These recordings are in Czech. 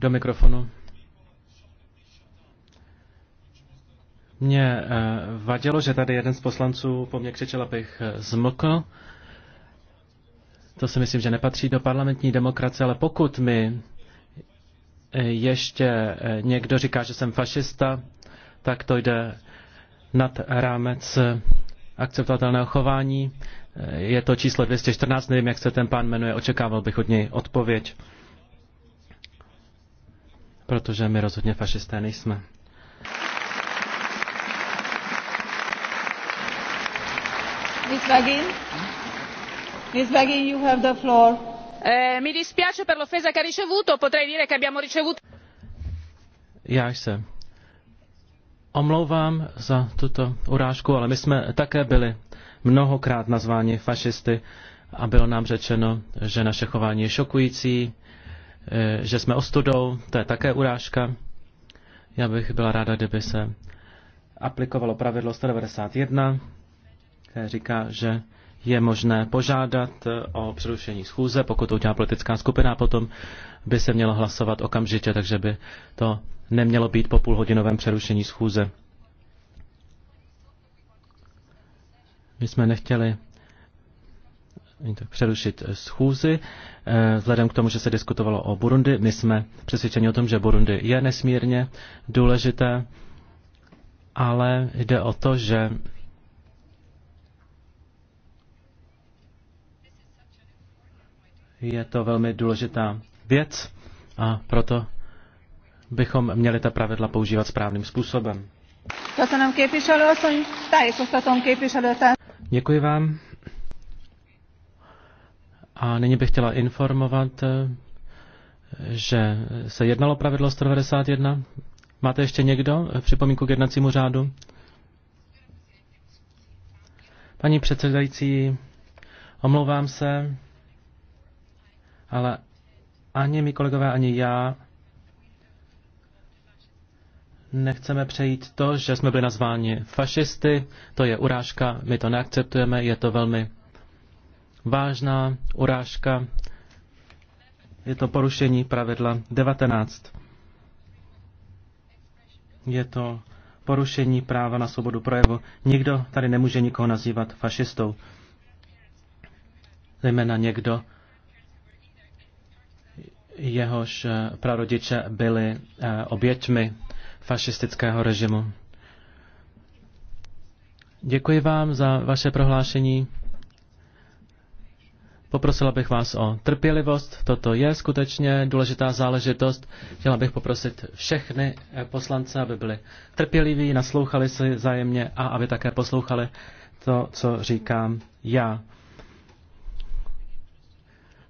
do mikrofonu. Mě eh, vadilo, že tady jeden z poslanců po mně křičel, abych eh, zmlkl. To si myslím, že nepatří do parlamentní demokracie, ale pokud mi eh, ještě někdo říká, že jsem fašista, tak to jde nad rámec akceptovatelného chování. Je to číslo 214, nevím, jak se ten pán jmenuje, očekával bych od něj odpověď protože my rozhodně fašisté nejsme. Miss Bagin? Miss Bagin, you have the floor. Eh, mi dispiace per l'offesa che ha ricevuto, potrei dire che abbiamo ricevuto... Já se. omlouvám za tuto urážku, ale my jsme také byli mnohokrát nazváni fašisty a bylo nám řečeno, že naše chování je šokující, Eh, že jsme ostudou, to je také urážka. Já bych byla ráda, kdyby se aplikovalo pravidlo 191, které říká, že je možné požádat eh, o přerušení schůze, pokud to udělá politická skupina, a potom by se mělo hlasovat okamžitě, takže by to nemělo být po půlhodinovém přerušení schůze. My jsme nechtěli přerušit eh, schůzi. Eh, vzhledem k tomu, že se diskutovalo o Burundi, my jsme přesvědčeni o tom, že Burundi je nesmírně důležité, ale jde o to, že je to velmi důležitá věc a proto bychom měli ta pravidla používat správným způsobem. Děkuji vám. A nyní bych chtěla informovat, eh, že se jednalo pravidlo 191. Máte ještě někdo eh, připomínku k jednacímu řádu? Paní předsedající, omlouvám se, ale ani mi kolegové, ani já nechceme přejít to, že jsme byli nazváni fašisty, to je urážka, my to neakceptujeme, je to velmi vážná urážka. Je to porušení pravidla 19. Je to porušení práva na svobodu projevu. Nikdo tady nemůže nikoho nazývat fašistou. Zejména někdo, jehož eh, prarodiče byli eh, oběťmi fašistického režimu. Děkuji vám za vaše prohlášení. Poprosila bych vás o trpělivost. Toto je skutečně důležitá záležitost. Chtěla bych poprosit všechny eh, poslance, aby byli trpěliví, naslouchali si zájemně a aby také poslouchali to, co říkám já.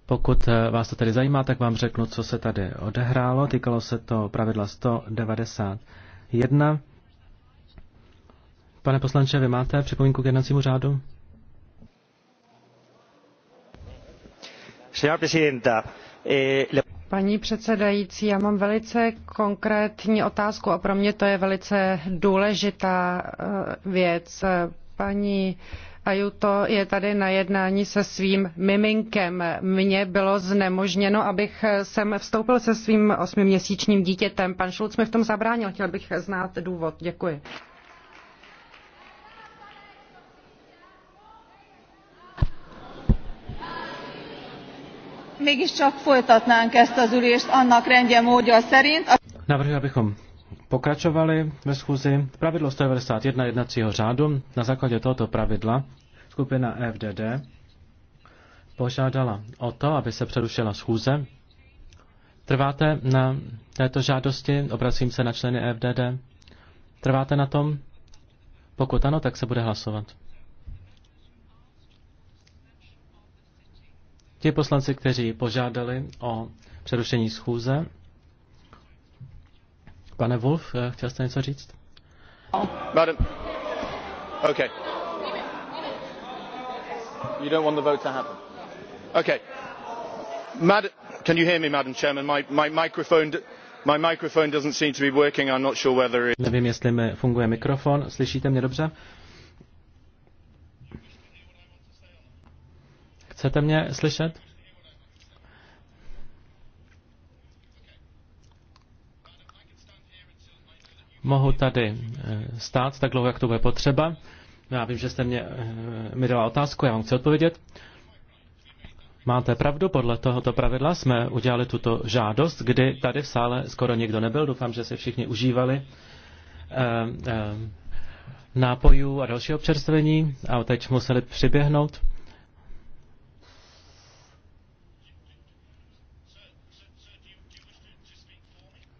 Pokud eh, vás to tedy zajímá, tak vám řeknu, co se tady odehrálo. Týkalo se to pravidla 191. Pane poslanče, vy máte připomínku k jednacímu řádu? Eh, Paní předsedající, já mám velice konkrétní otázku a pro mě to je velice důležitá eh, věc. Paní aiuto je tady na jednání se svým miminkem. Mně bylo znemožněno, abych sem vstoupil se svým osmiměsíčním dítětem. Pan Schulz, mi v tom zabránil. Chtěl bych znát důvod. Děkuji. mégiscsak folytatnánk ezt az ülést annak rendje módja szerint. Navrhuji, abychom pokračovali ve schůzi. Pravidlo 191 jednacího řádu na základě tohoto pravidla skupina FDD požádala o to, aby se přerušila schůze. Trváte na této žádosti? Obracím se na členy FDD. Trváte na tom? Pokud ano, tak se bude hlasovat. Ti poslanci, kteří požádali o přerušení schůze, pane Wolf, eh, chtěl jste něco říct? Madam. Okay. You don't want the vote to happen. Okay. Mad Can you hear me, Madam Chairman? My, my microphone. My microphone doesn't seem to be working. I'm not sure whether it... Nevím, jestli mi funguje mikrofon. Slyšíte mě dobře? Chcete mě slyšet? Mohu tady eh, stát tak dlouho, jak to bude potřeba. Já vím, že jste mě, eh, mi dala otázku, já vám chci odpovědět. Máte pravdu, podle tohoto pravidla jsme udělali tuto žádost, kdy tady v sále skoro nikdo nebyl. Doufám, že se všichni užívali eh, nápojů a dalšího občerstvení a teď museli přiběhnout.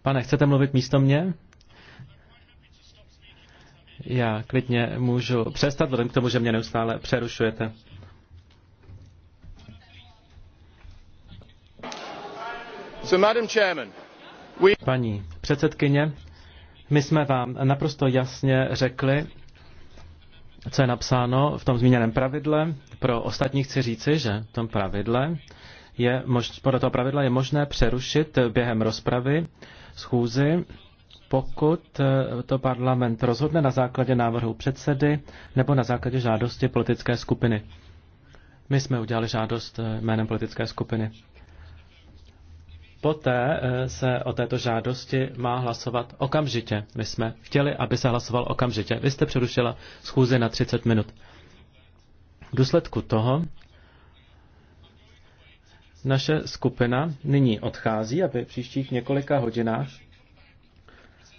Pane, chcete mluvit místo mě? Já klidně můžu přestat, vzhledem k tomu, že mě neustále přerušujete. So, Madam Chairman, we... Paní předsedkyně, my jsme vám naprosto jasně řekli, co je napsáno v tom zmíněném pravidle. Pro ostatní chci říci, že v tom pravidle je mož, podle toho pravidla je možné přerušit během rozpravy schůzi, pokud eh, to parlament rozhodne na základě návrhu předsedy nebo na základě žádosti politické skupiny. My jsme udělali žádost eh, jménem politické skupiny. Poté eh, se o této žádosti má hlasovat okamžitě. My jsme chtěli, aby se hlasoval okamžitě. Vy jste přerušila schůzi na 30 minut. V důsledku toho naše skupina nyní odchází, aby v příštích několika hodinách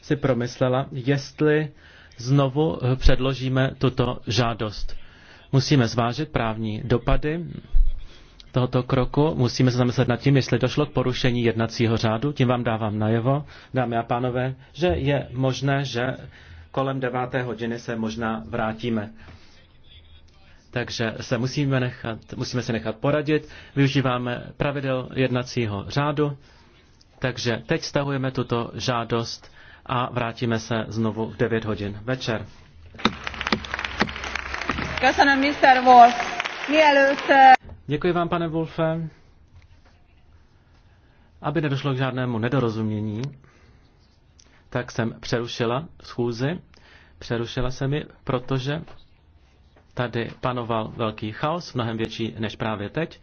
si promyslela, jestli znovu předložíme tuto žádost. Musíme zvážit právní dopady tohoto kroku, musíme se zamyslet nad tím, jestli došlo k porušení jednacího řádu. Tím vám dávám najevo, dámy a pánové, že je možné, že kolem deváté hodiny se možná vrátíme takže se musíme, nechat, musíme se nechat poradit. Využíváme pravidel jednacího řádu, takže teď stahujeme tuto žádost a vrátíme se znovu v 9 hodin večer. Eh, Děkuji vám, pane Wolfe. Aby nedošlo k žádnému nedorozumění, tak jsem přerušila schůzi. Přerušila jsem ji, protože tady panoval velký chaos, mnohem větší než právě teď.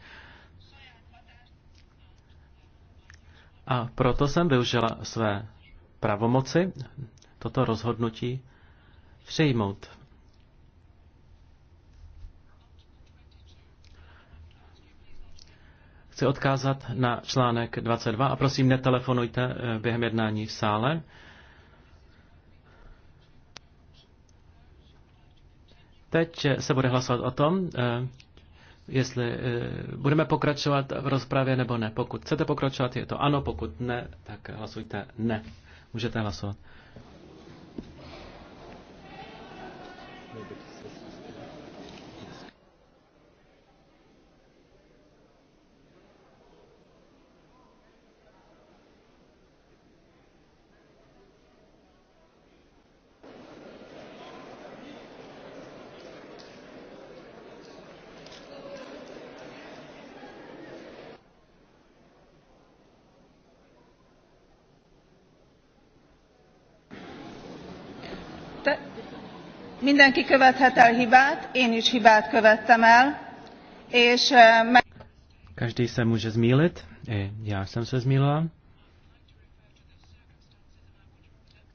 A proto jsem využila své pravomoci toto rozhodnutí přijmout. Chci odkázat na článek 22 a prosím netelefonujte eh, během jednání v sále. Teď eh, se bude hlasovat o tom, eh, jestli eh, budeme pokračovat v rozpravě nebo ne. Pokud chcete pokračovat, je to ano, pokud ne, tak hlasujte ne. Můžete hlasovat. Maybe. mindenki követhet el hibát, én is hibát követtem el, és meg... Každý se může zmílit, i já jsem se zmílila.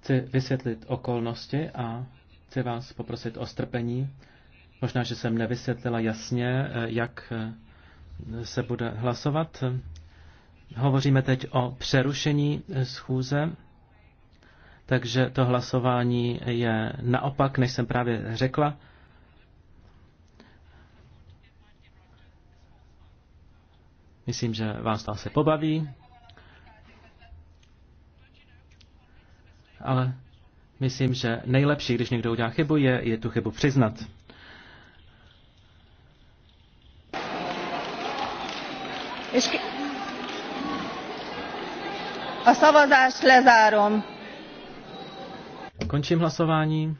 Chci vysvětlit okolnosti a chci vás poprosit o strpení. Možná, že jsem nevysvětlila jasně, e, jak e, se bude hlasovat. Hovoříme teď o přerušení schůze takže to hlasování je naopak, než jsem právě řekla. Myslím, že vás to asi pobaví. Ale myslím, že nejlepší, když někdo udělá chybu, je, je tu chybu přiznat. A szavazást lezárom. Končím hlasování.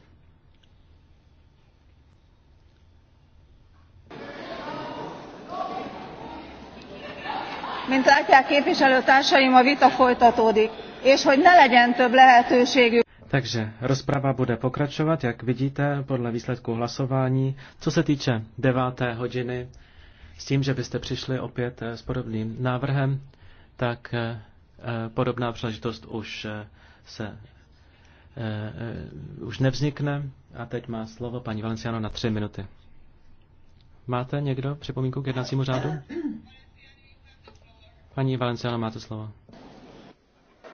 Mint látják képviselőtársaim, a vita folytatódik, és hogy ne legyen több lehetőségük. Takže rozprava bude pokračovat, jak vidíte, podle výsledku hlasování, co se týče deváté hodiny, s tím, že byste přišli opět eh, s podobným návrhem, tak eh, eh, podobná příležitost už se Eh, eh, už nevznikne. A teď má slovo paní Valenciano na tři minuty. Máte někdo připomínku k jednacímu řádu? Paní Valenciano, máte slovo.